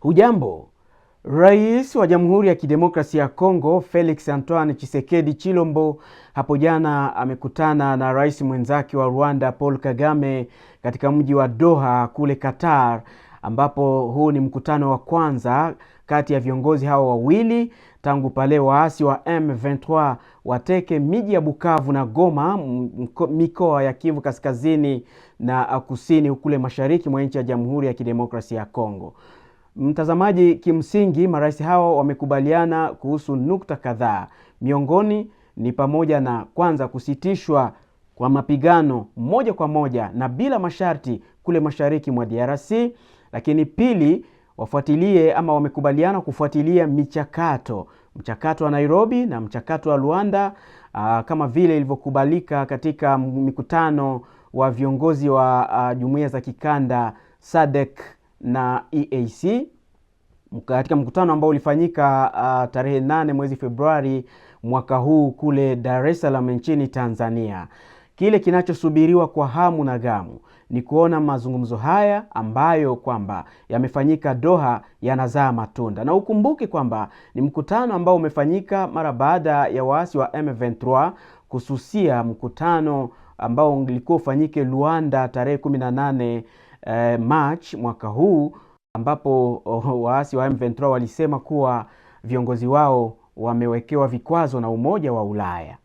Hujambo. Rais wa Jamhuri ya Kidemokrasia ya Kongo Felix Antoine chisekedi Chilombo hapo jana amekutana na rais mwenzake wa Rwanda Paul Kagame katika mji wa Doha kule Qatar, ambapo huu ni mkutano wa kwanza kati ya viongozi hao wawili tangu pale waasi wa M23 wateke miji ya Bukavu na Goma, mikoa ya Kivu Kaskazini na Kusini, kule mashariki mwa nchi ya Jamhuri ya Kidemokrasia ya Kongo. Mtazamaji, kimsingi marais hao wamekubaliana kuhusu nukta kadhaa. Miongoni ni pamoja na kwanza, kusitishwa kwa mapigano moja kwa moja na bila masharti kule mashariki mwa DRC, lakini pili, wafuatilie ama wamekubaliana kufuatilia michakato mchakato wa Nairobi na mchakato wa Luanda aa, ah, kama vile ilivyokubalika katika mikutano wa viongozi wa ah, jumuiya za kikanda SADC na EAC katika mkutano ambao ulifanyika uh, tarehe 8 mwezi Februari mwaka huu kule Dar es Salaam nchini Tanzania. Kile kinachosubiriwa kwa hamu na gamu ni kuona mazungumzo haya ambayo kwamba yamefanyika Doha yanazaa matunda, na ukumbuke kwamba ni mkutano ambao umefanyika mara baada ya waasi wa M23 kususia mkutano ambao ulikuwa ufanyike Luanda tarehe eh, March mwaka huu ambapo oh, waasi wa M23 walisema kuwa viongozi wao wamewekewa vikwazo na Umoja wa Ulaya.